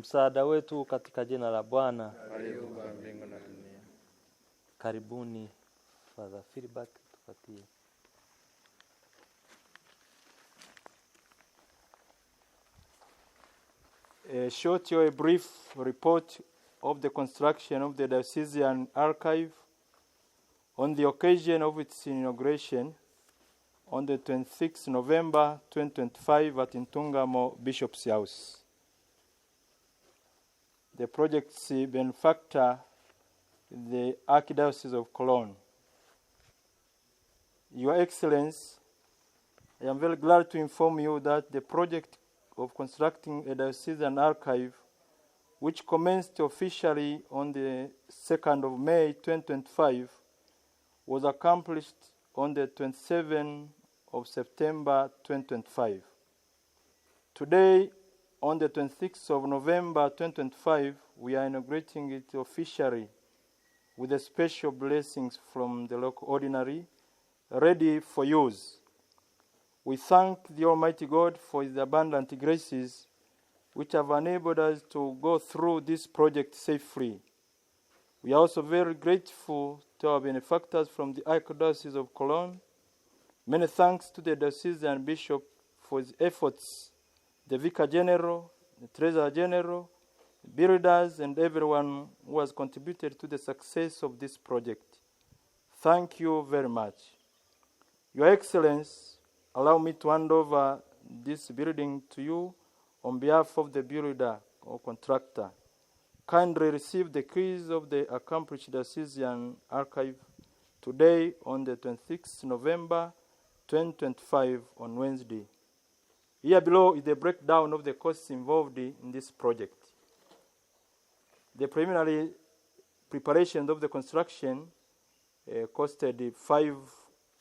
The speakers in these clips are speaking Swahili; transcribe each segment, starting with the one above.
Msaada wetu katika jina la Bwana. Karibuni Father Philbert, tupatie a short or a brief report of the construction of the diocesan archive on the occasion of its inauguration on the 26th November 2025 at ntungamo Bishop's House. the project's benefactor, the Archdiocese of Cologne. Your Excellency, I am very glad to inform you that the project of constructing a diocesan archive, which commenced officially on the 2nd of May 2025, was accomplished on the 27th of September 2025. Today, on the 26th of November 2025, we are inaugurating it officially with a special blessings from the local ordinary ready for use. We thank the Almighty God for His abundant graces which have enabled us to go through this project safely. We are also very grateful to our benefactors from the Archdiocese of Cologne. Many thanks to the diocesan bishop for his efforts the Vicar General, the Treasurer General, builders, and everyone who has contributed to the success of this project. Thank you very much. Your Excellency, allow me to hand over this building to you on behalf of the builder or contractor. Kindly receive the keys of the accomplished Assisian archive today on the 26th November 2025 on Wednesday. Here below is the breakdown of the costs involved in this project. The preliminary preparations of the construction uh, costed 5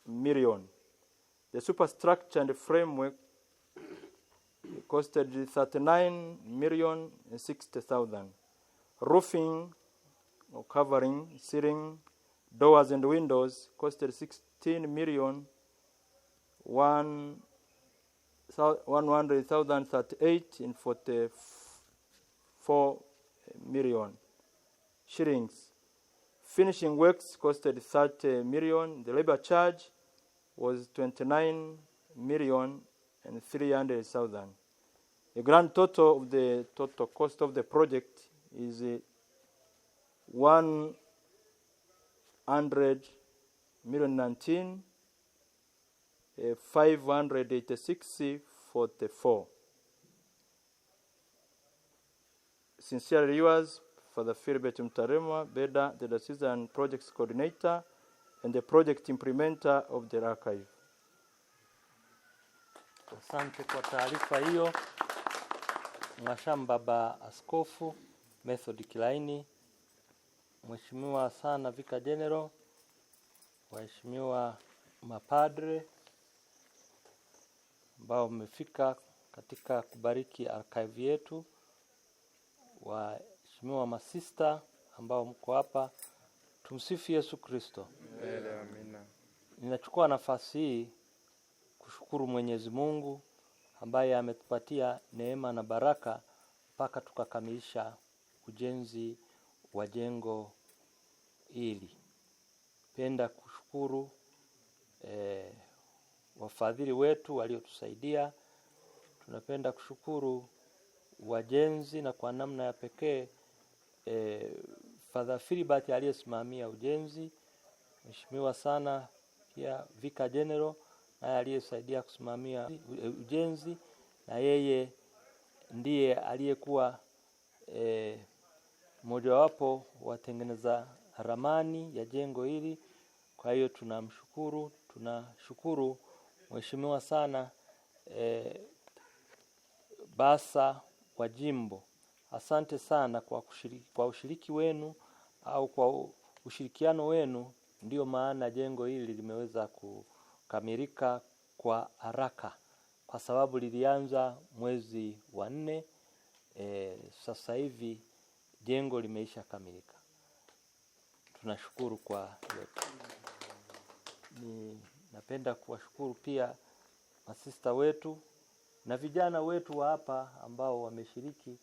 million. The superstructure and the framework costed 39 million 60,000. Roofing or covering, ceiling, doors and windows costed 16 million 1 100,038 and 44 million shillings. Finishing works costed 30 million. The labor charge was 29 million and 300,000. The grand total of the total cost of the project is uh, 100 million 19 uh, 586 44. Sincere viewers, Father Philbert Mtaremwa, Beda, the Decision Projects Coordinator and the Project Implementer of the Archive. Asante kwa taarifa hiyo Mashambaba Baba Askofu Method Kilaini, Mheshimiwa sana Vika General, waheshimiwa mapadre ambao mmefika katika kubariki archive yetu, waheshimiwa masista ambao mko hapa, tumsifu Yesu Kristo. Amina. Ninachukua nafasi hii kushukuru Mwenyezi Mungu ambaye ametupatia neema na baraka mpaka tukakamilisha ujenzi wa jengo hili. Penda kushukuru eh, wafadhili wetu waliotusaidia. Tunapenda kushukuru wajenzi na kwa namna ya pekee e, Father Philibert aliyesimamia ujenzi, mheshimiwa sana pia Vika General naye aliyesaidia kusimamia ujenzi, na yeye ndiye aliyekuwa e, eh, mmojawapo watengeneza ramani ya jengo hili. Kwa hiyo tunamshukuru, tunashukuru Mheshimiwa sana e, eh, Basa wa jimbo, asante sana kwa kushiriki, kwa ushiriki wenu au kwa ushirikiano wenu, ndiyo maana jengo hili limeweza kukamilika kwa haraka, kwa sababu lilianza mwezi wa nne. E, sasa hivi jengo limeisha kamilika. Tunashukuru kwa yote. Ni Napenda kuwashukuru pia masista wetu na vijana wetu wa hapa ambao wameshiriki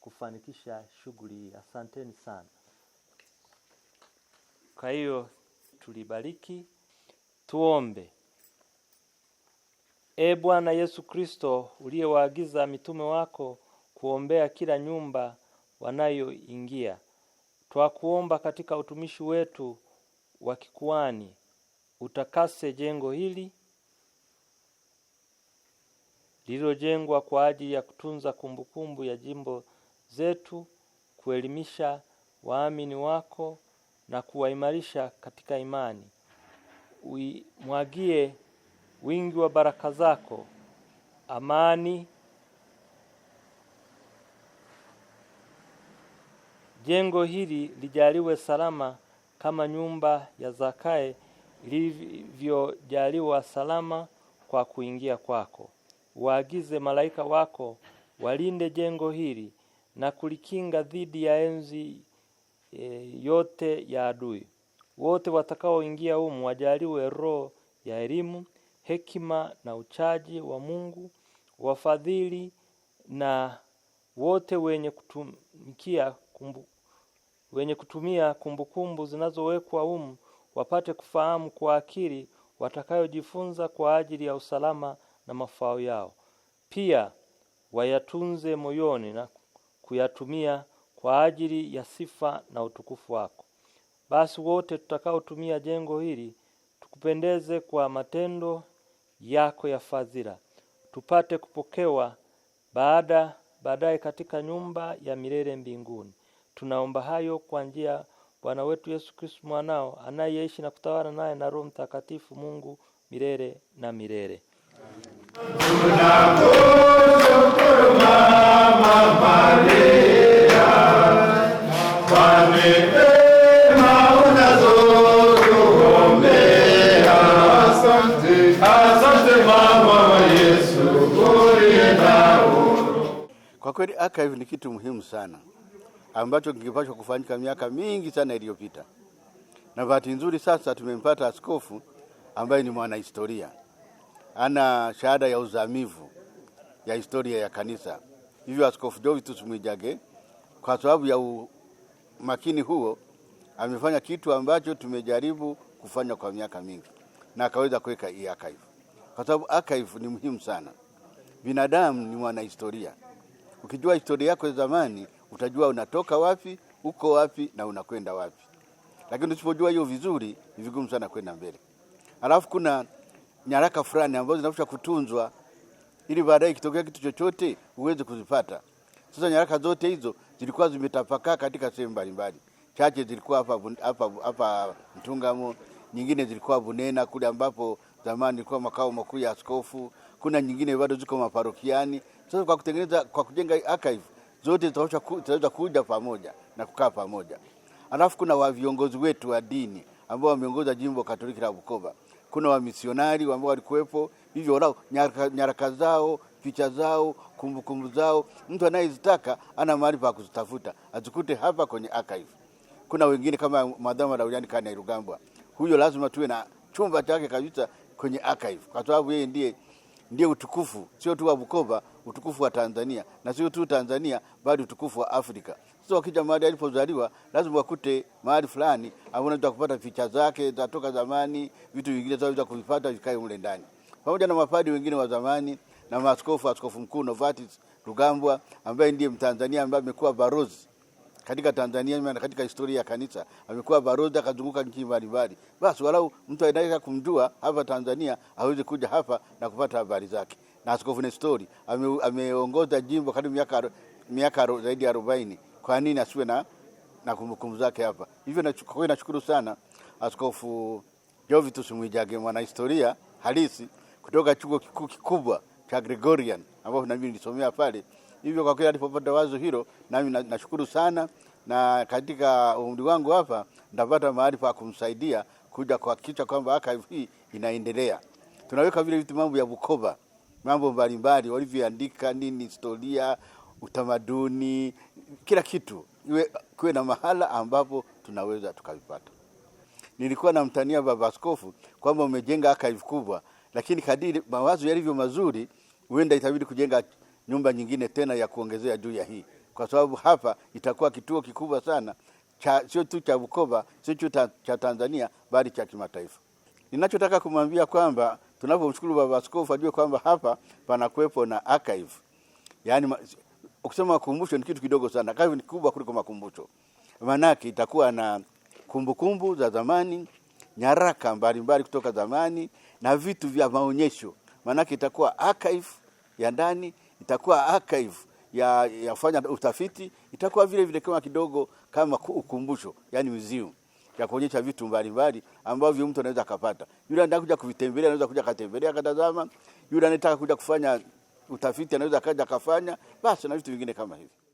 kufanikisha shughuli hii. Asanteni sana. Kwa hiyo tulibariki, tuombe. E Bwana Yesu Kristo, uliyewaagiza mitume wako kuombea kila nyumba wanayoingia, twakuomba katika utumishi wetu wa kikuani utakase jengo hili lililojengwa kwa ajili ya kutunza kumbukumbu ya jimbo zetu, kuelimisha waamini wako na kuwaimarisha katika imani. umwagie wingi wa baraka zako, amani, jengo hili lijaliwe salama kama nyumba ya zakae ilivyojaliwa salama kwa kuingia kwako. Waagize malaika wako walinde jengo hili na kulikinga dhidi ya enzi e, yote ya adui. Wote watakaoingia humu wajaliwe roho ya elimu, hekima na uchaji wa Mungu, wafadhili na wote wenye kutumikia kumbu, wenye kutumia kumbukumbu zinazowekwa humu wapate kufahamu kwa akili watakayojifunza kwa ajili ya usalama na mafao yao. Pia wayatunze moyoni na kuyatumia kwa ajili ya sifa na utukufu wako. Basi wote tutakaotumia jengo hili tukupendeze kwa matendo yako ya fadhila, tupate kupokewa baada baadaye katika nyumba ya milele mbinguni. Tunaomba hayo kwa njia Bwana wetu Yesu Kristo mwanao anayeishi na kutawala naye na Roho Mtakatifu Mungu milele na milele. Kwa kweli archive ni kitu muhimu sana ambacho kingepashwa kufanyika miaka mingi sana iliyopita. Na bahati nzuri sasa tumempata askofu ambaye ni mwanahistoria, ana shahada ya uzamivu ya historia ya kanisa. Hivyo Askofu Jovitus Mwijage kwa sababu ya umakini huo amefanya kitu ambacho tumejaribu kufanya kwa miaka mingi, na akaweza kuweka hii archive, kwa sababu archive ni muhimu sana. Binadamu ni mwanahistoria, ukijua historia yako ya zamani utajua unatoka wapi, uko wapi na unakwenda wapi. Lakini usipojua hiyo vizuri, ni vigumu sana kwenda mbele. Alafu kuna nyaraka fulani ambazo zinafusha kutunzwa ili baadaye ikitokea kitu chochote uweze kuzipata. Sasa nyaraka zote hizo zilikuwa zimetapakaa katika sehemu mbalimbali. Chache zilikuwa hapa hapa hapa Mtungamo, nyingine zilikuwa Bunena kule ambapo zamani ilikuwa makao makuu ya askofu. Kuna nyingine bado ziko maparokiani. Sasa kwa kutengeneza, kwa kujenga archive zote tunaweza kuja pamoja na kukaa pamoja. Alafu kuna wa viongozi wetu wa dini ambao wameongoza jimbo Katoliki la Bukoba, kuna wamisionari ambao walikuwepo, hivyo nyaraka zao, picha zao, kumbukumbu zao, mtu anayezitaka ana mahali pa kuzitafuta azikute hapa kwenye archive. Kuna wengine kama Mwadhama Lauriani Kanairugambwa, huyo lazima tuwe na chumba chake kabisa kwenye archive, kwa sababu yeye ndiye ndio utukufu, sio tu wa Bukoba, utukufu wa Tanzania, na sio tu Tanzania, bali utukufu wa Afrika. Sasa wakija mahali alipozaliwa, lazima wakute mahali fulani ambao unaweza kupata picha zake za toka zamani, vitu vingine unaweza kuvipata vikae mle ndani, pamoja na mapadi wengine wa zamani na maaskofu, askofu mkuu Novatus Rugambwa ambaye ndiye Mtanzania ambaye amekuwa barozi katika Tanzania na katika historia ya kanisa. Amekuwa baroza, akazunguka nchi mbalimbali. Basi walau mtu anayetaka kumjua hapa Tanzania aweze kuja hapa na kupata habari zake. Na Askofu Nestori ameongoza ame jimbo karibu miaka miaka zaidi ya arobaini. Kwa nini asiwe na na kumbukumbu zake hapa? Hivyo nashukuru sana Askofu Jovitus Mwijage, mwanahistoria halisi kutoka chuo kikuu kikubwa cha Gregorian ambao na mimi nilisomea pale. Hivyo kwa kweli alipopata wazo hilo, nami nashukuru sana, na katika umri wangu hapa ndapata mahali pa kumsaidia kuja kuhakikisha kwamba archive hii inaendelea. Tunaweka vile vitu, mambo ya Bukoba, mambo mbalimbali walivyoandika nini, historia, utamaduni, kila kitu iwe kuwe na mahala ambapo tunaweza tukavipata. Nilikuwa mtania baba askofu kwamba umejenga archive kubwa, lakini kadiri mawazo yalivyo mazuri, huenda itabidi kujenga nyumba nyingine tena ya kuongezea juu ya hii, kwa sababu hapa itakuwa kituo kikubwa sana cha sio tu cha Bukoba, sio tu cha Tanzania, bali cha kimataifa. Ninachotaka kumwambia kwamba tunapomshukuru baba askofu ajue kwamba hapa panakuwepo na archive. Yaani ukisema makumbusho ni kitu kidogo sana, archive ni kubwa kuliko makumbusho. Maanake itakuwa na kumbukumbu kumbu za zamani, nyaraka mbalimbali mbali kutoka zamani na vitu vya maonyesho. Maanake itakuwa archive ya ndani itakuwa archive ya yafanya utafiti, itakuwa vile vile kama kidogo kama ukumbusho, yani museum ya kuonyesha vitu mbalimbali ambavyo mtu anaweza akapata. Yule anataka kuja kuvitembelea anaweza kuja katembelea katazama, yule anataka kuja kufanya utafiti anaweza kaja akafanya, basi na vitu vingine kama hivyo.